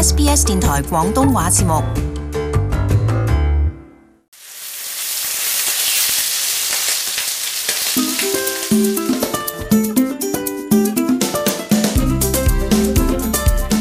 SBS 電台廣東話節目，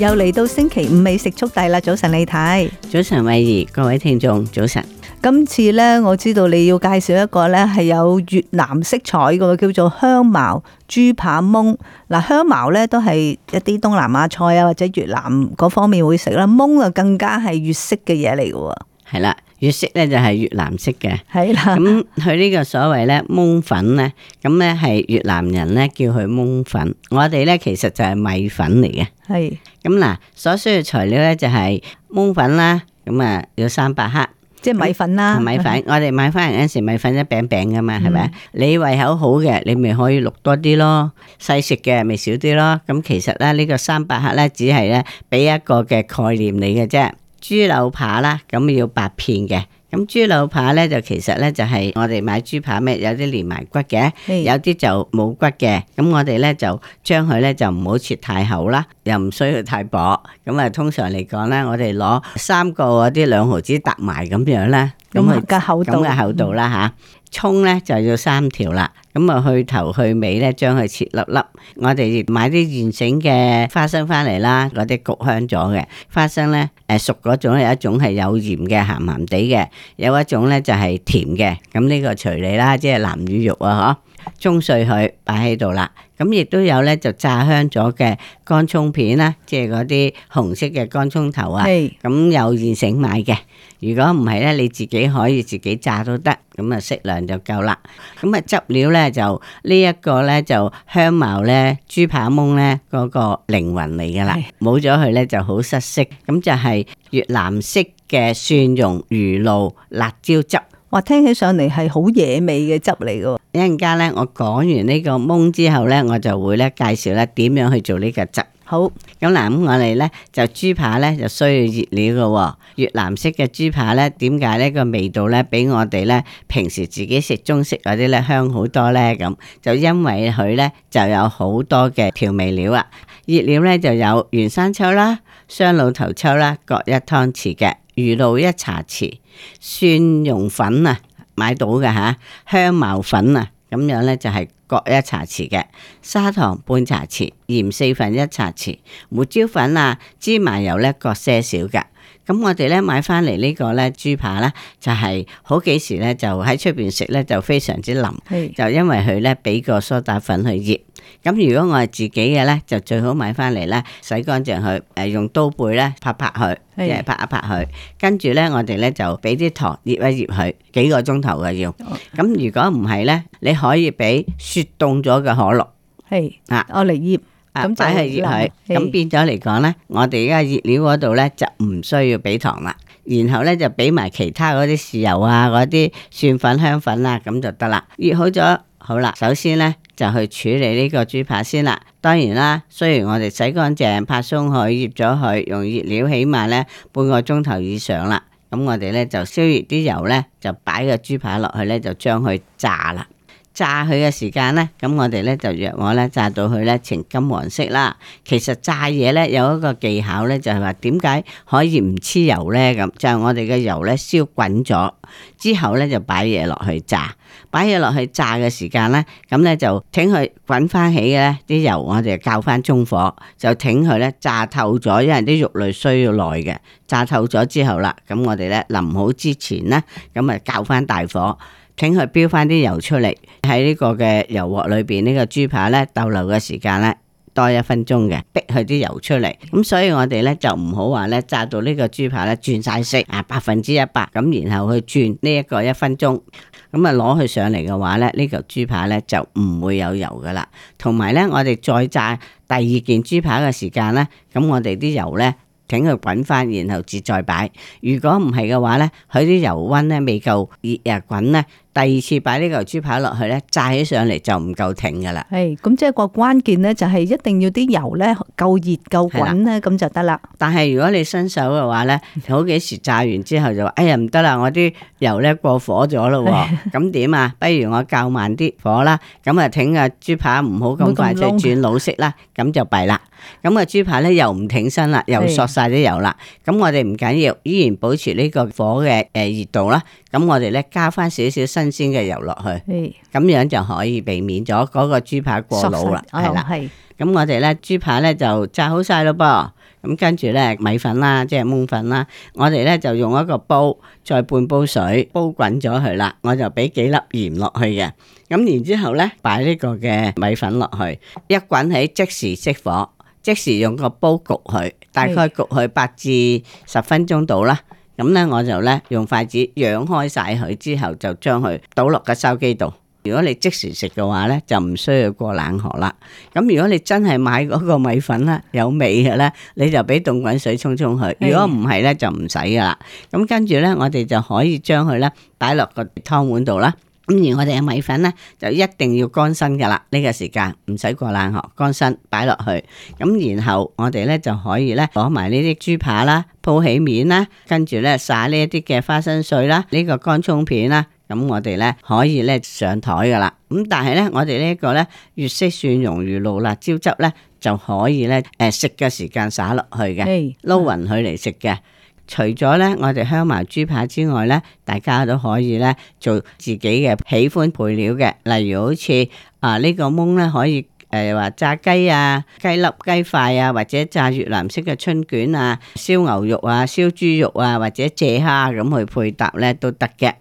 又嚟到星期五美食速遞啦！早晨你睇，早晨慧兒，各位聽眾，早晨。今次咧，我知道你要介紹一個咧，係有越南色彩嘅叫做香茅豬扒檬。嗱，香茅咧都係一啲東南亞菜啊，或者越南嗰方面會食啦。檬啊，更加係越式嘅嘢嚟嘅喎。係啦，越式咧就係越南式嘅。係啦了。咁佢呢個所謂咧檬粉咧，咁咧係越南人咧叫佢檬粉。我哋咧其實就係米粉嚟嘅。係是。咁嗱，所需嘅材料咧就係檬粉啦。咁啊，要三百克。即係米粉啦，嗯，米粉， 我哋買翻嚟嗰時米粉一餅餅噶嘛，係咪，嗯？你胃口好嘅，你咪可以渌多啲咯，細食嘅咪少啲咯。咁其實咧呢個三百克咧只係咧俾一個嘅概念你嘅啫。豬柳扒啦，咁要八片嘅。咁豬柳扒咧就其實咧就係我哋買豬扒咩，有啲連埋骨嘅，有啲就冇骨嘅。咁我哋咧就將佢咧就唔好切太厚啦，又唔需要太薄。咁啊，通常嚟講咧，我哋攞三個嗰啲兩毫紙搭埋咁樣啦。咁啊，厚度，咁嘅厚度啦嚇。蔥咧就要三條啦，咁啊去頭去尾咧，將佢切粒粒。我哋買啲現成嘅花生翻嚟啦，嗰啲焗香咗嘅花生咧，誒熟嗰種有一種係有鹽嘅鹹鹹地嘅，有一種咧就係、是、甜嘅。咁呢個隨你啦，即係南乳肉啊，吓。中碎佢擺喺度啦，咁亦都有咧就炸香咗嘅乾葱片啦，即係嗰啲紅色嘅乾葱頭啊，咁 Hey. 有現成買嘅。如果唔係咧，你自己可以自己炸都得，咁啊適量就夠啦。咁啊 Hey. 汁料咧就、這個、呢一個咧就香茅咧豬扒蒙咧嗰、那個靈魂嚟噶啦，冇咗佢咧就好失色。咁就係越南式嘅蒜蓉魚露辣椒汁。哇，聽起上嚟係好野味嘅汁嚟噶。一陣間咧，我講完呢個檬之後咧，我就會咧介紹咧點樣去做呢個汁。好，咁嗱，咁我哋咧就豬扒咧就需要熱料噶喎。越南式嘅豬扒咧，點解呢個味道咧比我哋咧平時自己食中式嗰啲咧香好多咧？咁就因為佢咧就有好多嘅調味料啊。熱料咧就有原生抽啦、雙撈頭抽啦，各一湯匙嘅。魚露一茶匙，蒜蓉粉啊，買到嘅吓，香茅粉啊，咁樣咧就係各一茶匙嘅，砂糖半茶匙，鹽四分一茶匙，胡椒粉啊，芝麻油咧各些少嘅。咁我哋咧買翻嚟呢個咧豬扒咧，就係好幾時咧就喺出邊食咧就非常之腍，是就因為佢咧俾個梳打粉去醃。咁如果我係自己嘅咧，就最好買翻嚟咧洗乾淨佢，誒用刀背咧拍拍佢，即係是拍一拍佢，跟住咧我哋咧就俾啲糖醃一醃佢幾個鐘頭嘅要。咁如果唔係咧，你可以俾雪凍咗嘅可樂，是啊我嚟醃。咁擺去醃佢，咁、啊嗯、變咗嚟講呢，是我哋而家醃料嗰度呢，就唔需要俾糖啦，然後呢，就俾埋其他嗰啲豉油啊，嗰啲蒜粉、香粉啦、啊，咁就得啦。醃好咗，好啦，首先呢，就去處理呢個豬扒先啦。當然啦，雖然我哋洗乾淨、拍鬆佢、醃咗佢，用醃料起碼呢半個鐘頭以上啦。咁我哋呢，就燒熱啲油呢，就擺個豬扒落去呢，就將佢炸啦。炸佢嘅時間呢，咁我哋呢就弱火呢炸到佢呢呈金黃色啦。其實炸嘢，呢有一個技巧呢，就係話點解可以唔黐油呢？咁就係我哋嘅油呢燒滾咗之後呢，就擺嘢落去炸，擺嘢落去炸嘅時間呢，咁呢就挺佢滾翻起嘅呢啲油，我哋教翻中火就挺佢呢炸透咗，因為啲肉類需要耐嘅，炸透咗之後啦，咁我哋呢淋好之前呢，咁啊教翻大火。請佢飆翻啲油出嚟，喺呢個嘅油鑊裏邊，呢、這個豬扒呢逗留嘅時間呢多一分鐘嘅，逼佢啲油出嚟。咁所以我哋呢就唔好話呢炸到呢個豬扒呢轉晒色啊，百分之一百咁，然後去轉呢一個一分鐘，咁啊攞佢上嚟嘅話、這個、呢，呢嚿豬扒呢就唔會有油噶啦。同埋呢，我哋再炸第二件豬扒嘅時間呢，咁我哋啲油呢。請佢滾翻，然後至再擺。如果唔係嘅話咧，佢啲油溫咧未夠熱入滾咧。第二次擺呢嚿豬排落去咧，炸起上嚟就唔夠挺噶啦。係，咁即係個關鍵咧，就係一定要啲油咧夠熱夠滾啦，咁的就得啦。但係如果你新手嘅話咧，好幾時炸完之後就話， 哎呀唔得啦，我啲油咧過火咗咯。咁點啊？不如我較慢啲火啦。咁啊，挺啊豬排唔好咁快就轉老式啦。咁 就弊啦。咁啊，豬排咧又唔挺身啦，又索晒啲油啦。咁的我哋唔緊要，依然保持呢個火嘅誒熱度啦。咁我哋咧加翻少少新鮮嘅油落去，咁是樣就可以避免咗嗰個豬扒過老啦，係啦。咁我哋咧的豬扒咧就炸好晒咯噃，咁跟住咧米粉啦，即係檬粉啦，我哋咧就用一個煲，再半煲水煲滾咗佢啦，我就俾幾粒鹽落去嘅，咁然之後咧擺呢個嘅米粉落去，一滾起即時熄火，即時用個煲焗佢的，大概焗佢八至十分鐘到啦。咁咧，我就咧用筷子揚開晒佢之後，就將佢倒落個收機度。如果你即時食嘅話咧，就唔需要過冷河啦。咁如果你真係買嗰個米粉咧，有味嘅咧，你就俾凍滾水沖沖佢。如果唔係咧，就唔使噶啦。咁跟住咧，我哋就可以將佢咧擺落個湯碗度啦。咁而我哋嘅米粉咧，就一定要乾身㗎啦。呢個時間唔使過冷河，乾身擺落去。咁然後我哋咧就可以咧攞埋呢啲豬扒啦，鋪起面啦，跟住咧撒呢一啲嘅花生碎啦，呢個乾葱片啦。咁我哋咧可以咧上台噶啦。咁但係咧我哋呢一個咧粵式蒜蓉魚露辣椒汁咧就可以咧誒食嘅時間撒落去嘅，撈勻佢嚟食嘅。除咗咧，我哋香茅豬扒之外咧，大家都可以咧做自己嘅喜歡配料嘅，例如好似啊呢、呢個檬咧可以誒話、呃、炸雞啊、雞粒、雞塊啊，或者炸越南式嘅春卷啊、燒牛肉啊、燒豬肉啊，或者借蝦咁去配搭咧都得嘅。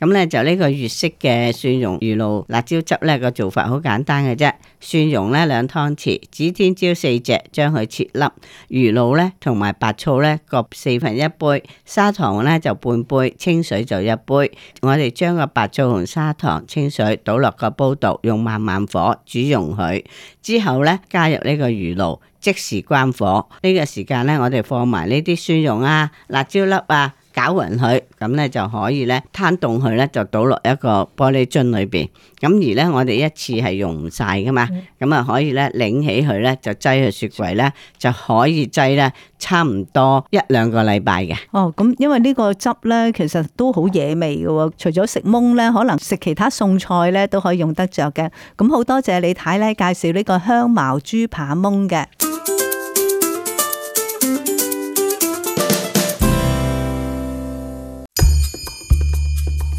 咁咧、嗯、就呢個粵式嘅蒜蓉魚露辣椒汁咧個做法好簡單嘅啫，蒜蓉咧兩湯匙，指天椒四隻，將佢切粒，魚露咧同埋白醋咧各四分一杯，砂糖咧就半杯，清水就一杯。我哋將個白醋同砂糖、清水倒落個煲度，用慢慢火煮溶佢，之後咧加入呢個魚露，即時關火。呢、呢個時間咧我哋放埋呢啲蒜蓉啊、辣椒粒啊。攪勻佢，咁咧就可以咧攤凍佢咧，就倒落一個玻璃樽裏邊。咁而咧，我哋一次係用唔晒噶嘛，咁啊可以咧拎起佢咧就擠去雪櫃咧，就可以擠咧差唔多一兩個禮拜嘅。哦，咁因為呢個汁咧其實都好野味噶，除咗食檬咧，可能食其他餸菜咧都可以用得着嘅。咁好多謝李太咧介紹呢個香茅豬扒檬嘅。